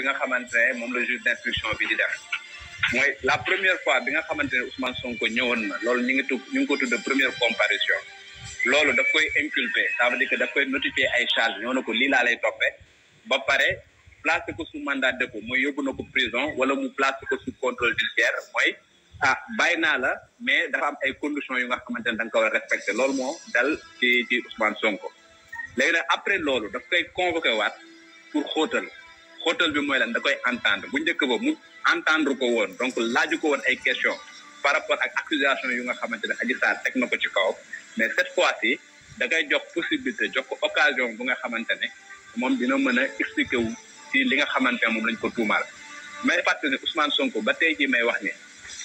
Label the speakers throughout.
Speaker 1: bi nga xamante ne moom la juge d'instruction bi di def mooy la première fois bi nga xamante ne Ousmane Sonko ñëwoon na loolu ñu ngi tudd ñu ngi ko tudd première comparution loolu daf koy inculper ça veut dire que daf koy notifier ay charge ñoo na ko lii laa lay toppee ba pare placé ko sous mandat de dépôt mooy yóbbu na ko prison wala mu placé ko sous contrôle judiciaire mooy ah bàyyi naa la mais dafa am ay conditions yu nga xamante ne da nga ko war loolu moo dal ci ci Ousmane Sonko xóotal bi mooy lan da koy entendre bu njëkk ba mu entendre ko woon donc laaju ko woon ay question par rapport ak accusation yu nga xamante ne Adji Sarr teg na ko ci kaw mais cette fois ci da ngay jox possibilité jox ko occasion bu nga xamante ne moom dina mën a expliquer wu ci li nga xamante ne moom lañ ko tuumaal may fàttali ne Ousmane Sonko ba tey jii may wax ni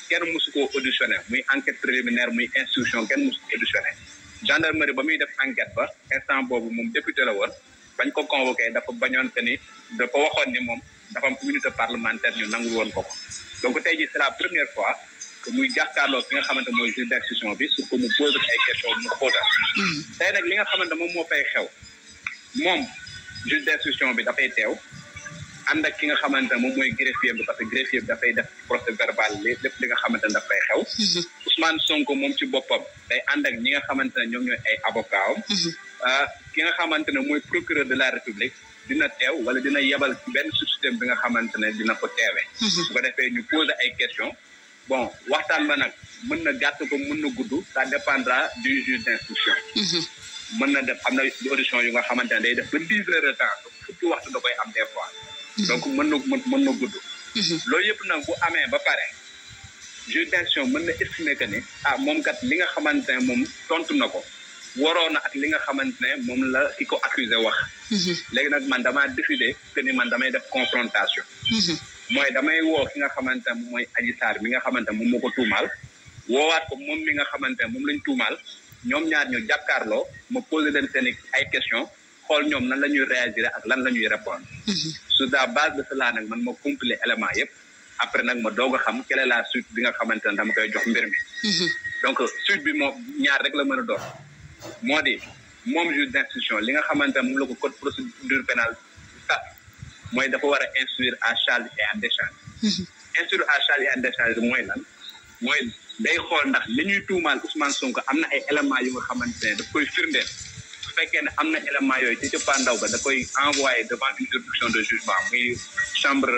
Speaker 1: kenn mosu ko auditionné muy enquête préliminaire muy instruction kenn mosu ko auditionné gendarmerie ba muy def enquête ba instant boobu moom député la woon bañ ko convoqué dafa bañoon te ni dafa waxoon ni moom dafa am communauté parlementaire ñu nangu woon ko ko donc tey jii c'est la première fois que muy jàkkaarloo fi nga xamante mooy juge d'instruction bi su ko mu pose ay question mu xóotal hmm. tey nag li nga xamante moom moo fay xew moom juge d'instruction bi dafay teew ànd ak ki nga xamante ne moom mooy greffier bi parce que greffier bi dafay def procès verbal li lépp li nga xamante ne daf fay xew mm-hmm. Ousmane moom ci boppam day ànd ak ñi nga xamante ne ñoom ñooy ay avocat am mm-hmm. euh, ki nga xamante ne mooy procureur de la république dina teew wala dina yebal benn système bi nga xamante ne dina ko teewe mm-hmm. su defee ñu poser ay questions bon waxtaan ba nag mën na gàtt ko mën na gudd ça dépendra du juge d'instruction mën na def am na audition yu nga xamante ne day def ba dix heures da koy am des donc mën na mën na gudd. Mhm. loolu yëpp nag bu amee ba pare juridiction mën na estimer que ni ah moom kat li nga xamante ne moom tontu na ko waroon na ak li nga xamante ne moom la ki ko accusé wax. Mhm. léegi nag man damaa décidé que ni man damay def confrontation. Mhm. mooy damay woo ki nga xamante ne mooy Adji Sarr mi nga xamante ne moom moo ko tuumaal woowaat ko moom mi nga xamante ne moom lañ tuumaal ñoom ñaar ñu jàkkaarloo ma posé leen seen ay questions. xool ñoom nan la ñuy réagir ak lan la ñuy répondre mhm. sur la base de cela nag man ma compiler élément yëpp après nag ma doog a xam quelle est la suite bi nga xamante ne dama koy jox mbir mi mhm. donc bi moom ñaar la mën a doon moo di moom juge d'instruction li nga xamante ne moom la ko code procédure pénale sat mooy dafa war a instruire à charge et à décharge mhm. instruire à charge et à décharge mooy lan mooy day xool ndax li ñuy tuumaal Ousmane Sonko am na ay éléments yu nga xamante ne daf koy firndeel fekkee ne am na élément yooyu ci cëppaandaw ba da koy envoyé devant une juridiction de jugement muy chambre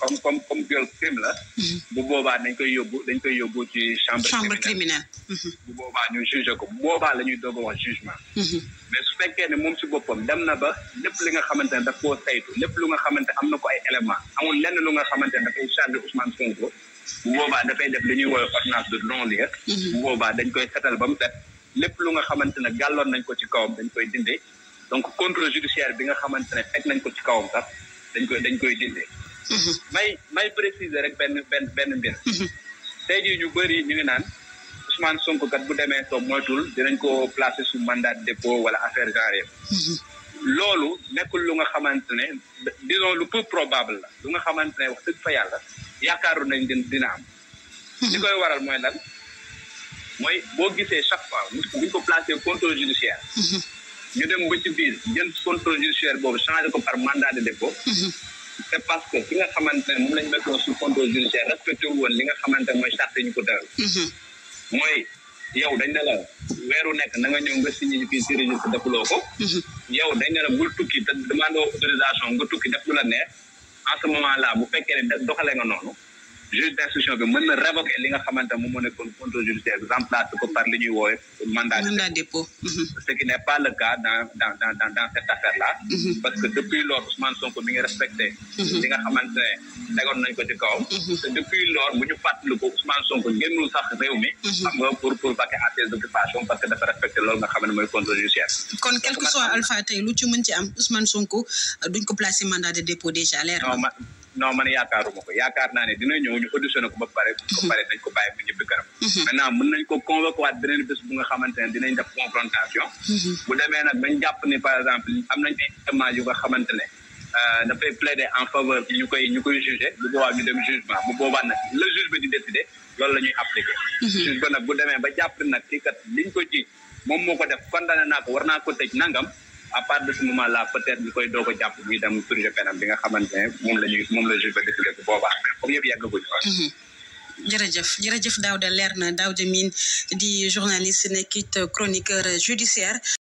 Speaker 1: comme comme comme viol crime la mm-hmm. bu boobaa dañ koy yóbbu dañ koy yóbbu ci chambre criminelle mm-hmm. bu boobaa ñu juge ko bu boobaa la ñuy doog a wax jugement mm-hmm. mais su fekkee ne moom si boppam dem na ba lépp li nga xamante ne daf koo saytu lépp lu nga xamante am na ko ay élément amul lenn lu nga xamante ne dafay chargé Ousmane Sonko bu boobaa dafay def li ñuy woowee ordonnance de koy setal ba mu lépp lu nga xamante ne gàlloon nañ ko ci kawam dañ koy dindee donc contrôle judiciaire bi nga xamante ne teg nañ ko ci kawam sax dañ koy dañ koy dindee mhm. may may préciser rek benn benn benn mbir mhm. tey jii ñu bëri ñu ngi naan Ousmane Sonko kat bu demee soo moytul dinañ ko placer sous mandat de wala affaire genre mhm. loolu nekkul lu nga xamante ne disons lu peu probable la lu nga xamante ne fa yàlla yaakaaru nañ dina am li koy waral mooy lan mooy boo gisee chaque fois buñ ko placé contrôle judiciaire ñu dem ba ci biir jël contrôle judiciaire boobu changé ko par mandat de dépôt c' parce que ki nga xamante ne moom lañ nekkoon sous contrôle judiciaire respecté woon li nga xamante ne mooy charte ñu ko tëral mooy yow dañ ne la weeru nekk na nga ñëw nga signé fii si registre defuloo ko yow dañ ne la bul tukki te demande autorisation nga tukki def la neex en ce moment là bu fekkee ne noonu juge d'instruction bi mën na révoquer li nga xamante moom moo nekkoon contrôle judiciaire bi remplacer ko par li ñuy woowe mandat mandat dépôt mhm. ce qui n'est pas le cas dans cette affaire là mhm. parce que depuis lors Ousmane Sonko mi ngi mhm. bu ñu fàttali ko Ousmane Sonko sax réew mi xam nga pour pour vaquer à ses parce que dafa respecté loolu nga xam mooy contrôle judiciaire kon quel que soit Alpha tey lu ci mën ci am Ousmane Sonko euh, duñ ko placer mandat de dépôt non man yaakaaruma ko yaakaar naa ne dina ñëw ñu auditionné ko ba pare ba mhm. pare dañ ko bàyyi mu ñibbi këram mhm. maintenant mën nañ ko convoqué waat beneen bés bu ne dinañ def mhm. bu par exemple am nañ ay éléments nga xamante ne euh, dafay plaider en faveur bi ñu koy ñu koy jugé bu boobaa ñu dem jugement bu boobaa nag le juge di décider loolu la ñuy appliqué nag bu demee ba jàpp nag kii kat liñ ko ji moom moo ko def condamné naa ko war naa ko tëj nangam à part de ce moment là peut être li koy doog a jàpp muy dem purgé bi nga xamante ne moom la ñuy moom la juge ba décidé bu boobaa comme yëpp yàggaguñu ko mhm. jërëjëf jërëjëf Daouda leer na Daouda Mine di journaliste nekkit chroniqueur judiciaire